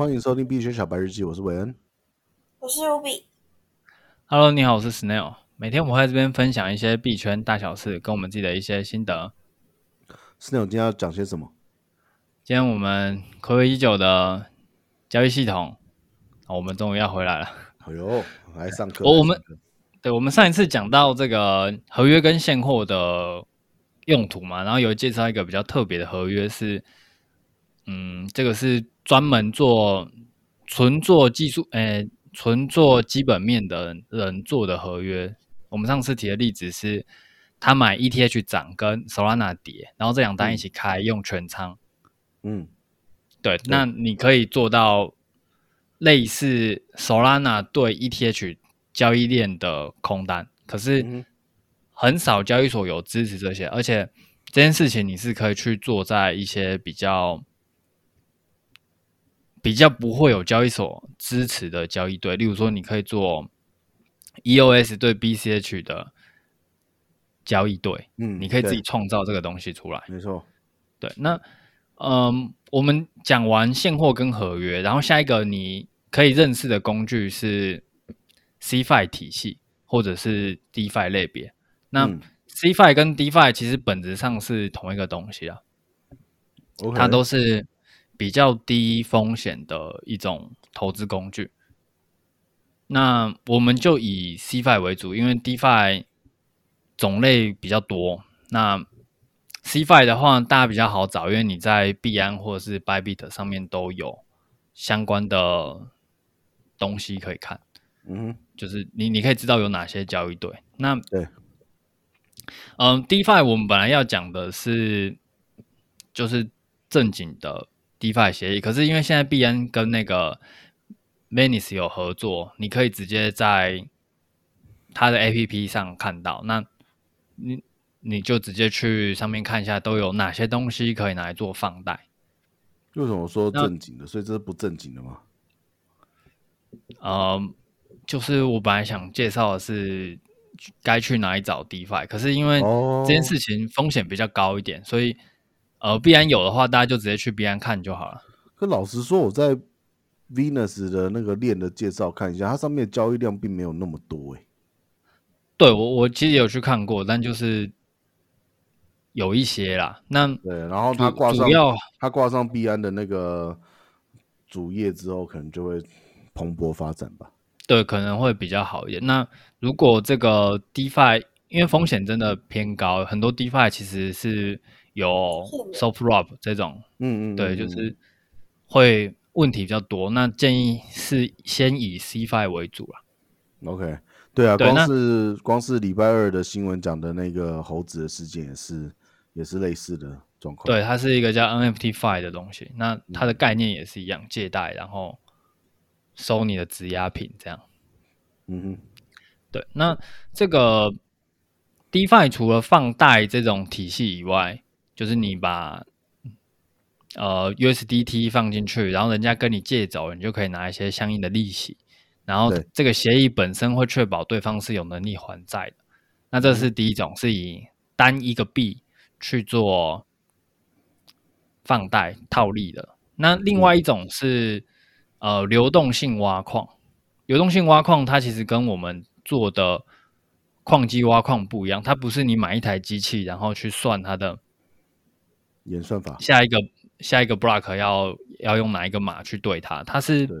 歡迎收聽幣圈小白日記，我是韋恩，我是 Ruby，Hello，你好，我是 Snail。每天我們會在這邊分享一些幣圈大小事，跟我們自己的一些心得。Snail 今天要講些什麼？今天我們睽違已久的交易系統，我們終於要回來了。哎呦，來上課！我們，對，我們上一次講到這個合約跟現貨的用途嘛，然後有介紹一個比較特別的合約是。嗯，這個是專門做純做技術，誒，純做基本面的人做的合約。我們上次提的例子是，他買 ETH 漲跟 Solana 跌，然後這兩單一起開、嗯、用全倉。嗯，對，對，那你可以做到類似 Solana 對 ETH 交易鏈的空單，可是很少交易所有支持這些，而且這件事情你是可以去做在一些比較。比較不會有交易所支持的交易對，例如說，你可以做 EOS 對 BCH 的交易對，嗯，你可以自己創造這個東西出來。沒錯，對。那，嗯，我們講完現貨跟合約，然後下一個你可以認識的工具是 CeFi 體系或者是 DeFi 類別。那 CeFi 跟 DeFi 其實本質上是同一個東西啊，嗯、它都是。比較低風險的一種投資工具，那我們就以 CeFi 為主，因為 DeFi 種類比較多。那 CeFi 的話，大家比較好找，因為你在幣安或者是 Bybit 上面都有相關的東西可以看。嗯、mm，hmm. 就是你你可以知道有哪些交易對。那對、嗯，嗯，DeFi 我們本來要講的是，就是正經的。DeFi 協議，可是因為現在 BN 跟那個 Manis 有合作，你可以直接在它的 APP 上看到。那你你就直接去上面看一下，都有哪些東西可以拿來做放貸。為什麼說正經的？那所以這是不正經的嗎？呃，就是我本來想介紹的是該去哪裡找 DeFi，可是因為這件事情風險比較高一點，Oh. 所以。呃，幣安有的話，大家就直接去幣安看就好了。可老實說，我在 Venus 的那個鏈的介紹看一下，它上面交易量並沒有那麼多誒、欸。對，我，我其實有去看過，但就是有一些啦。那對，然後它掛上，主要它掛上幣安的那個主頁之後，可能就會蓬勃發展吧。對，可能會比較好一點。那如果這個 DeFi，因為風險真的偏高，很多 DeFi 其實是。有 soft rob 這種，嗯嗯，嗯，嗯嗯、對，就是會問題比較多。那建議是先以 CeFi 為主啊 OK，對啊，對光是那光是禮拜二的新聞講的那個猴子的事件也是也是類似的狀況。對，它是一個叫 NFTFi 的東西，那它的概念也是一樣，嗯、借貸然後收你的質押品這樣。嗯哼、嗯，對，那這個 DeFi 除了放貸這種體系以外，就是你把呃 USDT 放進去，然後人家跟你借走，你就可以拿一些相應的利息。然後這個協議本身會確保對方是有能力還債的。那這是第一種，是以單一個幣去做放貸套利的。那另外一種是，嗯，呃流動性挖礦。流動性挖礦它其實跟我們做的礦機挖礦不一樣，它不是你買一台機器然後去算它的。演算法，下一個下一個 block 要要用哪一個碼去對它？它是，對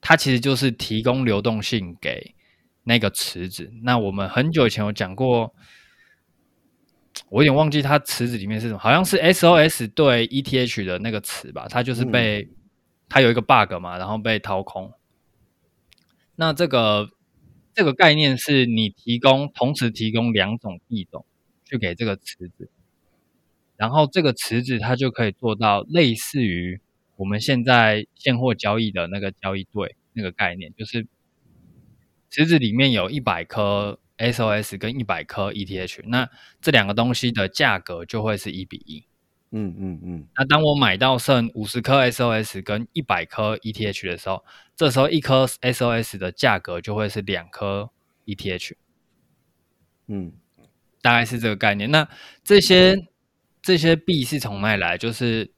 它其實就是提供流動性給那個池子。那我們很久以前有講過，我有點忘記它池子裡面是什麼，好像是 SOS 對 ETH 的那個池吧？它就是被、嗯、它有一個 bug 嘛，然後被掏空。那這個這個概念是你提供同時提供兩種幣種去給這個池子。然後這個池子它就可以做到類似於我們現在現貨交易的那個交易對那個概念，就是池子裡面有一百顆 SOS 跟一百顆 ETH，那這兩個東西的價格就會是一比一。嗯，嗯嗯嗯。那當我買到剩五十顆 SOS 跟一百顆 ETH 的時候，這時候一顆 SOS 的價格就會是兩顆 ETH。嗯，大概是這個概念。那這些。這些幣是從哪來？就是，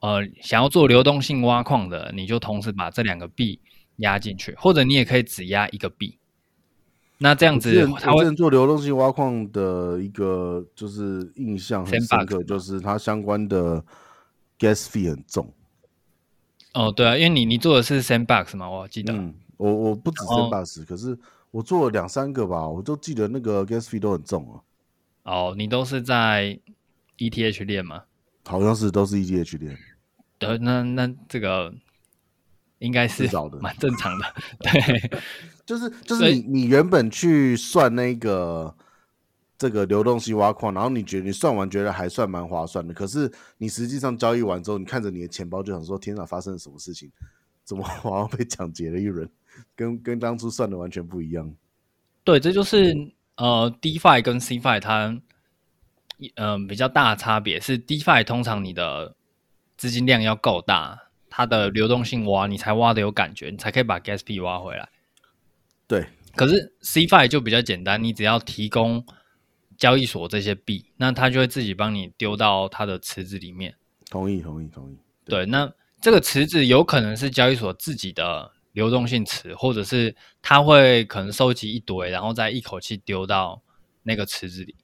呃，想要做流動性挖礦的，你就同時把這兩個幣壓進去，或者你也可以只壓一個幣。那這樣子，我之前會做流動性挖礦的一個就是印象很深刻，box 就是它相關的 gas fee 很重。哦，對啊，因為你你做的是 Sandbox 嗎？我記得，嗯，我我不止 Sandbox，、哦、可是我做了兩三個吧，我都記得那個 gas fee 都很重啊。哦，你都是在。E T H 鏈嗎？好像是，都是 E T H 鏈。對，那那這個應該是蠻正常的。是找的 對、就是，就是就是你以你原本去算那個這個流動性挖礦，然後你覺得你算完覺得還算蠻划算的，可是你實際上交易完之後，你看着你的錢包就想說：天啊發生了什麼事情？怎麼好像被搶劫了一輪？跟跟當初算的完全不一樣。對，這就是呃 DeFi 跟 CeFi 它。嗯，比較大的差別是，DeFi 通常你的資金量要夠大，它的流動性挖你才挖的有感覺，你才可以把 Gas 幣挖回來。對，可是 CeFi 就比較簡單，你只要提供交易所這些幣，那它就會自己幫你丟到它的池子裡面。同意，同意，同意。對，對，那這個池子有可能是交易所自己的流動性池，或者是它會可能收集一堆，然後再一口氣丟到那個池子裡。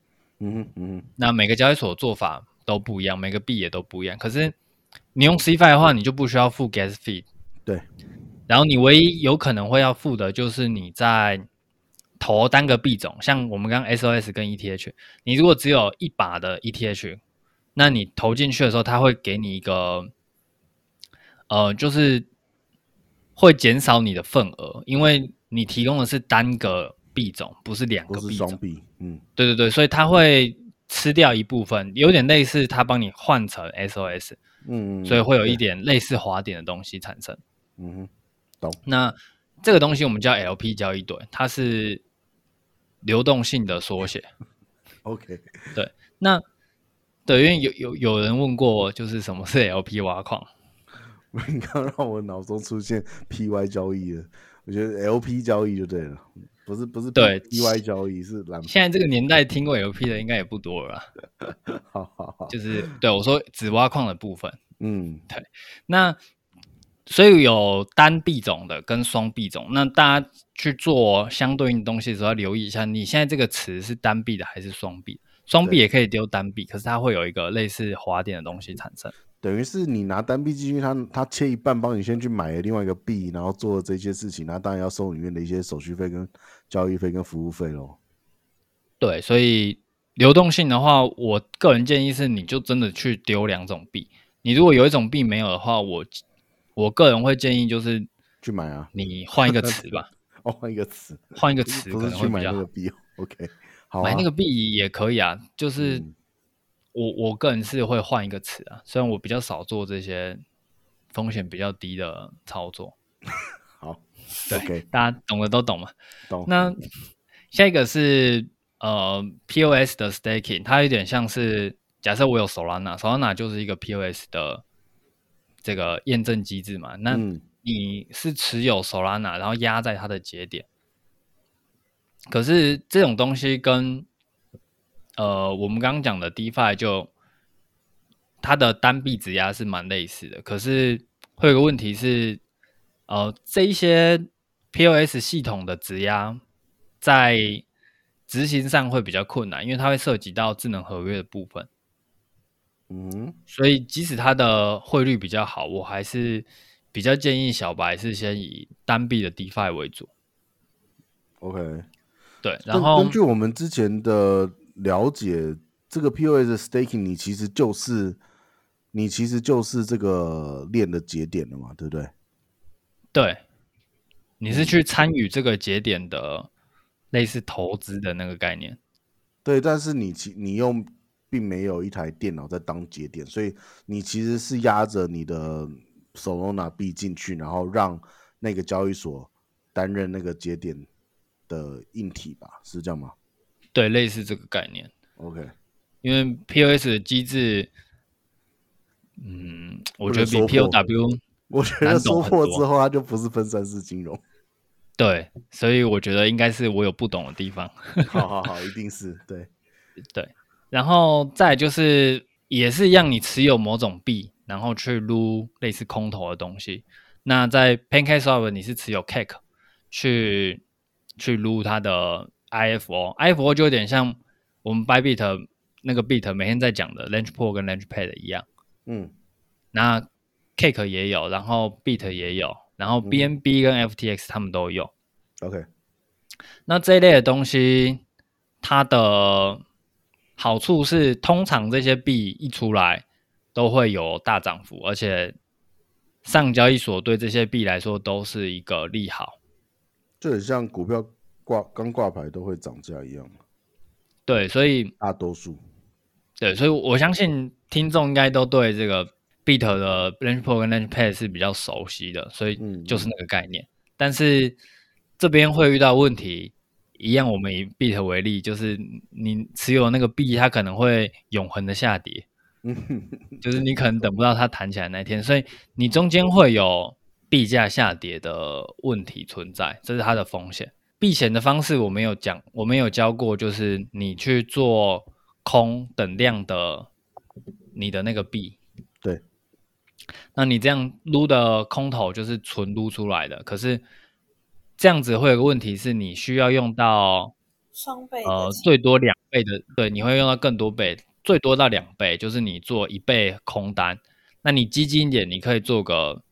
嗯嗯嗯，那每個交易所做法都不一樣，每個幣也都不一樣。可是你用 CeFi 的話，你就不需要付 gas fee。對，然後你唯一有可能會要付的就是你在投單個幣種，像我們剛剛 SOS 跟 ETH，你如果只有一把的 ETH，那你投進去的時候，它會給你一個呃，就是會減少你的份額，因為你提供的是單個。幣種不是兩個幣種，嗯，對對對，所以它會吃掉一部分，有點類似它幫你換成 SOS，嗯，嗯，嗯，所以會有一點類似滑點的東西產生，嗯哼，懂。那這個東西我們叫 LP 交易對，它是流動性的縮寫 ，OK，對。那對，因為有有有人問過我，就是什麼是 LP 挖礦？你剛剛讓我腦中出現 PY 交易了，我覺得 LP 交易就對了。不是不是對，DY 交易是藍。現在這個年代聽過 LP 的應該也不多了吧。 好好好，就是，對，我說只挖礦的部分。嗯，對。那所以有單幣種的跟雙幣種，那大家去做相對應的東西的時候，要留意一下，你現在這個詞是單幣的還是雙幣？雙幣也可以丟單幣，可是它會有一個類似滑點的東西產生。等於是你拿單幣進去，他他切一半幫你先去買了另外一個幣，然後做了這些事情，那當然要收裡面的一些手續費、跟交易費、跟服務費嘍。對，所以流動性的話，我個人建議是，你就真的去丟兩種幣。你如果有一種幣沒有的話，我我個人會建議就是去買啊。你、 哦、換一個詞吧，換一個詞，換一個詞，不是去買那個幣，OK，買那個幣也可以啊，就是、嗯。我我個人是會換一個詞啊，雖然我比較少做這些風險比較低的操作。好 對，OK，大家懂的都懂嘛。懂。那下一個是呃 POS 的 staking，它有點像是假設我有 Solana，Solana Sol 就是一個 POS 的這個驗證機制嘛。那你是持有 Solana，、嗯、然後壓在它的節點。可是這種東西跟呃，我們剛剛講的 DeFi 就它的單幣質押是蠻類似的，可是會有個問題是，呃，這一些 POS 系統的質押在執行上會比較困難，因為它會涉及到智能合約的部分。嗯，所以即使它的匯率比較好，我還是比較建議小白是先以單幣的 DeFi 為主。OK，對，然後根據我們之前的了解這個 POS Staking，你其實就是你其實就是這個鏈的節點了嘛，對不對？對，你是去參與這個節點的類似投資的那個概念。對，但是你其你用並沒有一台電腦在當節點，所以你其實是壓着你的 Solana 幣進去，然後讓那個交易所擔任那個節點的硬體吧？是這樣嗎？對，類似這個概念。OK，因為 POS 的機制，嗯，我，我覺得比 POW，我覺得突破之後它就不是分散式金融。嗯、金融對，所以我覺得應該是我有不懂的地方。 好好好，一定是，對對。然後再就是，也是讓你持有某種幣，然後去擼類似空投的東西。那在 Pancake Swap，你是持有 Cake 去去擼它的。IFO，IFO 就有點像我們 Bybit 那個 Bit 每天在講的 Launchpool 跟 Launchpad 一樣，嗯，那 Cake 也，也有，然後 Bit 也有，然後 BNB 跟 FTX 他們都有。嗯、o、okay. k 那這一類的東西，它的好處是，通常這些幣一出來都會有大漲幅，而且上交易所對這些幣來說都是一個利好，就很像股票。掛，剛掛牌都會漲價一樣，對，所以大多數，對，所以我相信聽眾應該都對這個比特幣的 Launchpool 跟 Launchpad 是比較熟悉的，所以就是那個概念。嗯嗯，但是這邊會遇到問題，一樣，我們以比特幣為例，就是你持有那個幣，它可能會永恆的下跌， 就是你可能等不到它彈起來那一天，所以你中間會有幣價下跌的問題存在，這是它的風險。避險的方式我沒有講，我沒有教過，就是你去做空等量的你的那個幣，對，那你這樣擼的空頭就是純擼出來的。可是這樣子會有個問題，是你需要用到雙倍呃最多兩倍的，對，你會用到更多倍，最多到兩倍，就是你做一倍空單，那你激進一點你可以做個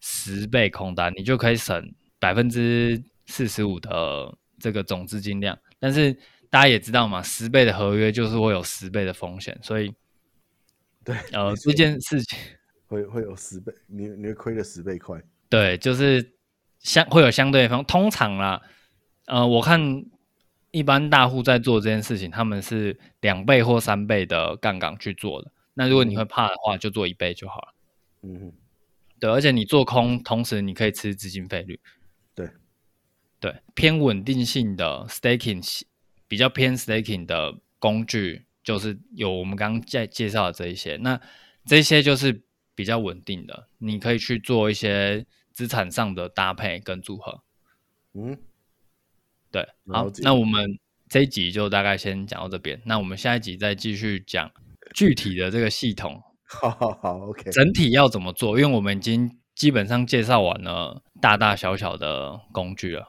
十倍空單，你就可以省百分之。四十五的這個總資金量，但是大家也知道嘛，十倍的合約就是會有十倍的風險，所以對，呃，說這件事情會會有十倍，你你會虧了十倍虧對，就是相會有相對方，通常啦，呃，我看一般大戶在做這件事情，他們是兩倍或三倍的槓桿去做的。那如果你會怕的話，嗯、就做一倍就好了。嗯，對，而且你做空，同時你可以吃資金費率。對偏穩定性的 staking 比較偏 staking 的工具，就是有我們剛剛介紹的這一些，那這些就是比較穩定的，你可以去做一些資產上的搭配跟組合。嗯，對，好，好，那我們這一集就大概先講到這邊，那我們下一集再繼續講具體的這個系統。好好好，OK，整體要怎麼做？因為我們已經基本上介紹完了大大小小的工具了。